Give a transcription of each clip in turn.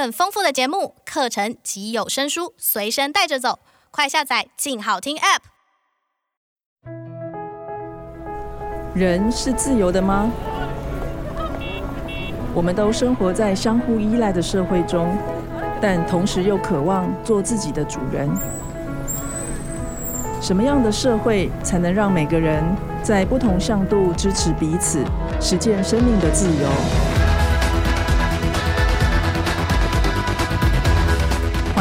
很豐富的節目、課程及有聲書隨身帶着走，快下載“靜好聽 ”App。人是自由的嗎？我們都生活在相互依賴的社會中，但同時又渴望做自己的主人。什麼樣的社會才能讓每個人在不同向度支持彼此，實踐生命的自由？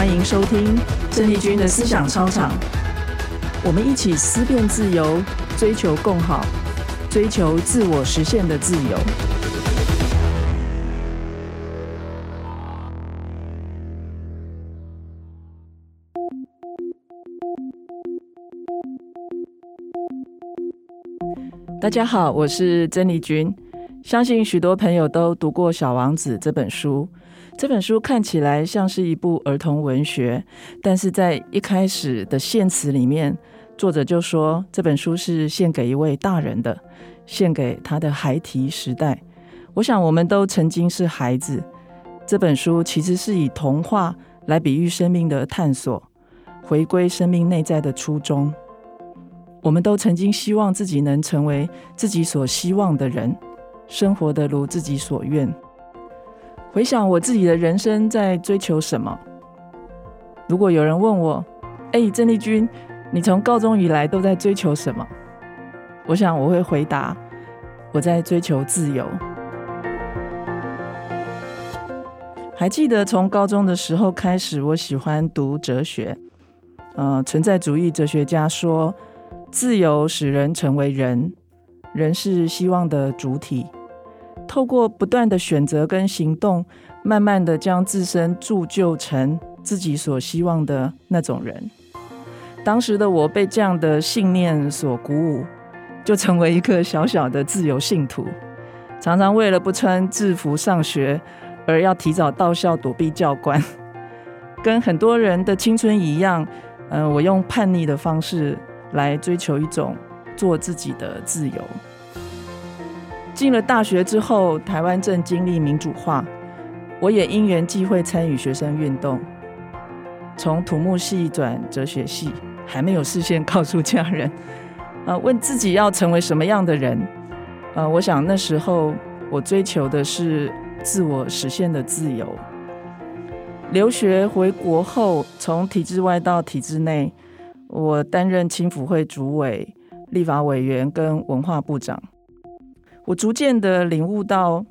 歡迎收聽鄭麗君的思想操場，我們一起思辨自由，追求共好，追求自我實現的自由。大家好，我是鄭麗君，相信許多朋友都讀過《小王子》這本書。這本書看起來像是一部兒童文學，但是在一開始的獻詞裡面，作者就說這本書是獻給一位大人的，獻給他的孩提時代。我想，我們都曾經是孩子。這本書其實是以童話來比喻生命的探索，回歸生命內在的初衷。我們都曾經希望自己能成為自己所希望的人，生活得如自己所願。回想我自己的人生在追求什麼？如果有人問我：“哎、欸，鄭麗君，你從高中以來都在追求什麼？”我想我會回答：“我在追求自由。”還記得從高中的時候開始，我喜歡讀哲學。呃，存在主義哲學家說：“自由使人成為人，人是希望的主體。”透過不斷的選擇跟行動，慢慢的將自身鑄就成自己所希望的那種人。當時的我被這樣的信念所鼓舞，就成為一個小小的自由信徒，常常為了不穿制服上學，而要提早到校躲避教官。跟很多人的青春一樣，嗯、呃，我用叛逆的方式來追求一種做自己的自由。進了大學之後，台灣正經歷民主化，我也因緣際會參與學生運動，從土木系轉哲學系，還沒有事先告訴家人。啊，問自己要成為什麼樣的人？啊，我想那時候我追求的是自我實現的自由。留學回國後，從體制外到體制內，我擔任青輔會主委、立法委員跟文化部長。我逐漸的領悟到，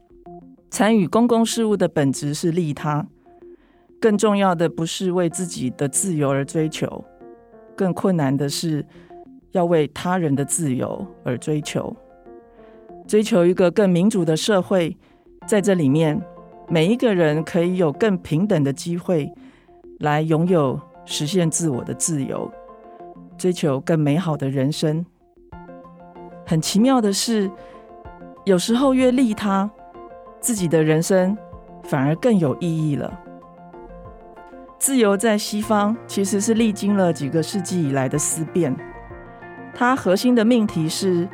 參與公共事務的本質是利他。更重要的不是為自己的自由而追求，更困難的是要為他人的自由而追求，追求一個更民主的社會，在這裡面，每一個人可以有更平等的機會來擁有實現自我的自由，追求更美好的人生。很奇妙的是，有時候越利他，自己的人生反而更有意義了。自由在西方其實是歷經了幾個世紀以來的思辨，它核心的命題是：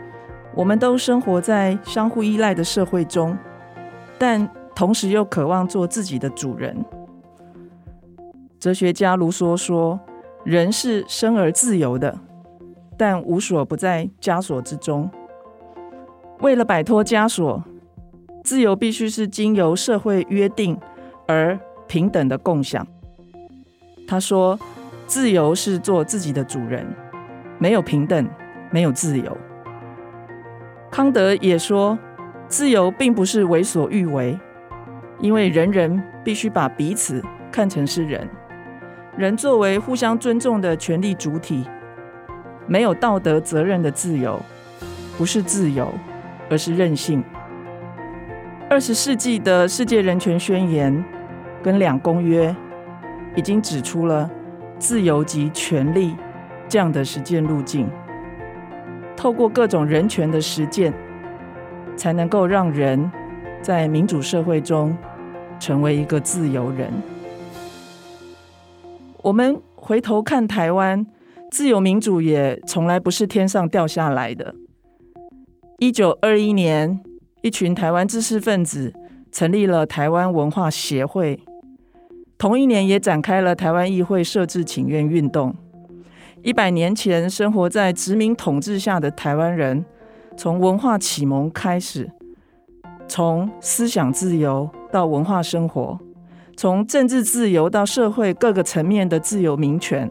我們都生活在相互依賴的社會中，但同時又渴望做自己的主人。哲學家盧梭說：“人是生而自由的，但無所不在枷鎖之中。”為了擺脫枷鎖，自由必須是經由社會約定而平等的共享。他說：“自由是做自己的主人，沒有平等，沒有自由。”康德也說：“自由並不是為所欲為，因為人人必須把彼此看成是人。人作為互相尊重的權利主體，沒有道德責任的自由，不是自由。”而是任性。二十世紀的世界人權宣言跟兩公約，已經指出了自由及權利這樣的實踐路徑。透過各種人權的實踐，才能夠讓人在民主社會中成為一個自由人。我們回頭看台灣，自由民主也從來不是天上掉下來的。一九二一年，一群台灣知識分子成立了台灣文化協會。同一年，也展開了台灣議會設置請願運動。一百年前，生活在殖民統治下的台灣人，從文化啟蒙開始，從思想自由到文化生活，從政治自由到社會各個層面的自由民權，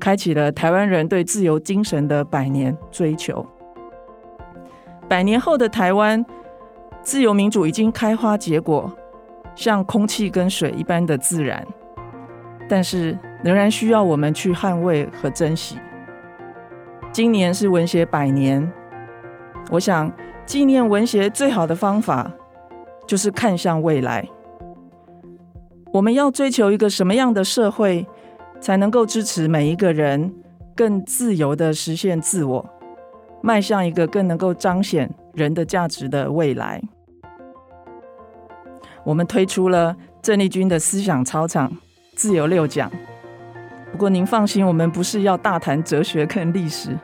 開啟了台灣人對自由精神的百年追求。百年後的台灣，自由民主已經開花結果，像空氣跟水一般的自然，但是仍然需要我們去捍衛和珍惜。今年是文協百年，我想紀念文協最好的方法就是看向未來。我們要追求一個什麼樣的社會，才能夠支持每一個人更自由地實現自我？邁向一個更能夠彰顯人的價值的未來，我們推出了鄭麗君的思想操場自由六講。不過您放心，我們不是要大談哲學跟歷史。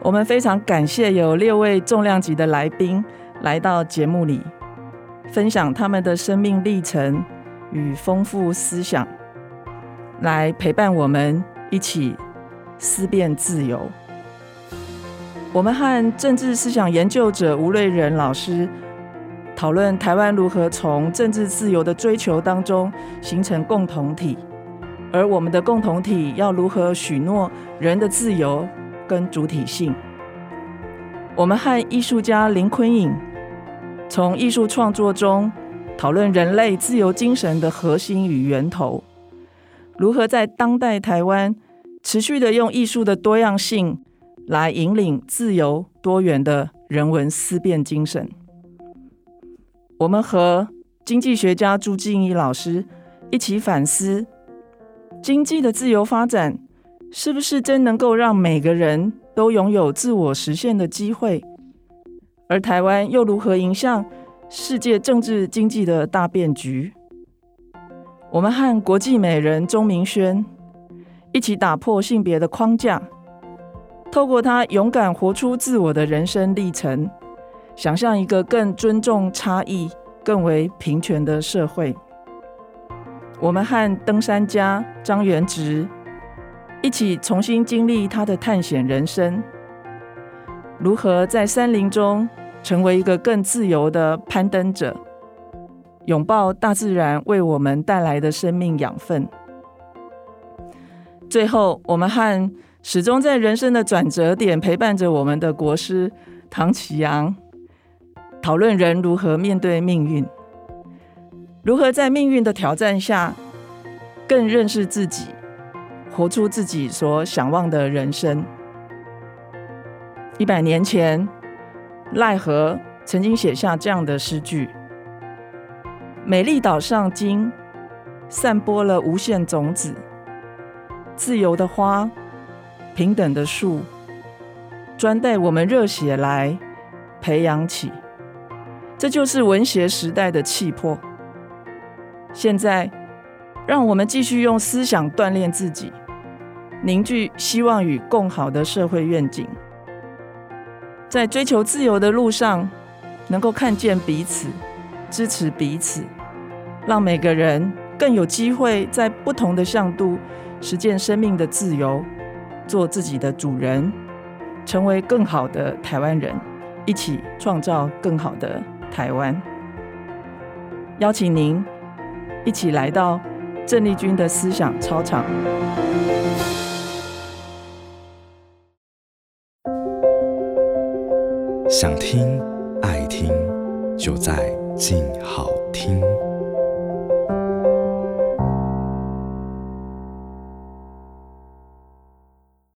我們非常感謝有六位重量級的來賓來到節目裡，分享他們的生命歷程與、與豐富思想，來陪伴我們一起思辨自由。我們和政治思想研究者吳叡人老師討論台灣如何從政治自由的追求當中形成共同體，而我們的共同體要如何許諾人的自由跟主體性？我們和藝術家林昆穎從藝術創作中討論人類自由精神的核心與源頭，如何在當代台灣持續的用藝術的多樣性。來引領自由多元的人文思辨精神。我們和經濟學家朱敬一老師一起反思，經濟的自由發展是不是真能夠讓每個人都擁有自我實現的機會？而台灣又如何迎向世界政治經濟的大變局？我們和國際美人鍾明軒一起打破性別的框架。透過他勇敢活出自我的人生歷程，想象一個更尊重差異、更為平權的社會。我們和登山家張元植一起重新經歷他的探險人生，如何在山林中成為一個更自由的攀登者，擁抱大自然為我們帶來的生命養分。最後，我們和。始終在人生的轉折點陪伴着我們的國師唐綺陽，討論人如何面對命運，如何在命運的挑戰下更認識自己，活出自己所想望的人生。一百年前，賴和曾經寫下這樣的詩句：“美麗島上經散播了無限種子，自由的花。”平等的樹，專待我們熱血來培養起，這就是文學時代的氣魄。現在，讓我們繼續用思想鍛鍊自己，凝聚希望與共好的社會願景，在追求自由的路上，能夠看見彼此，支持彼此，讓每個人更有機會在不同的向度實踐生命的自由。做自己的主人，成為更好的台灣人，一起創造更好的台灣。邀請您一起來到鄭麗君的思想操場。想聽愛聽，就在靜好聽。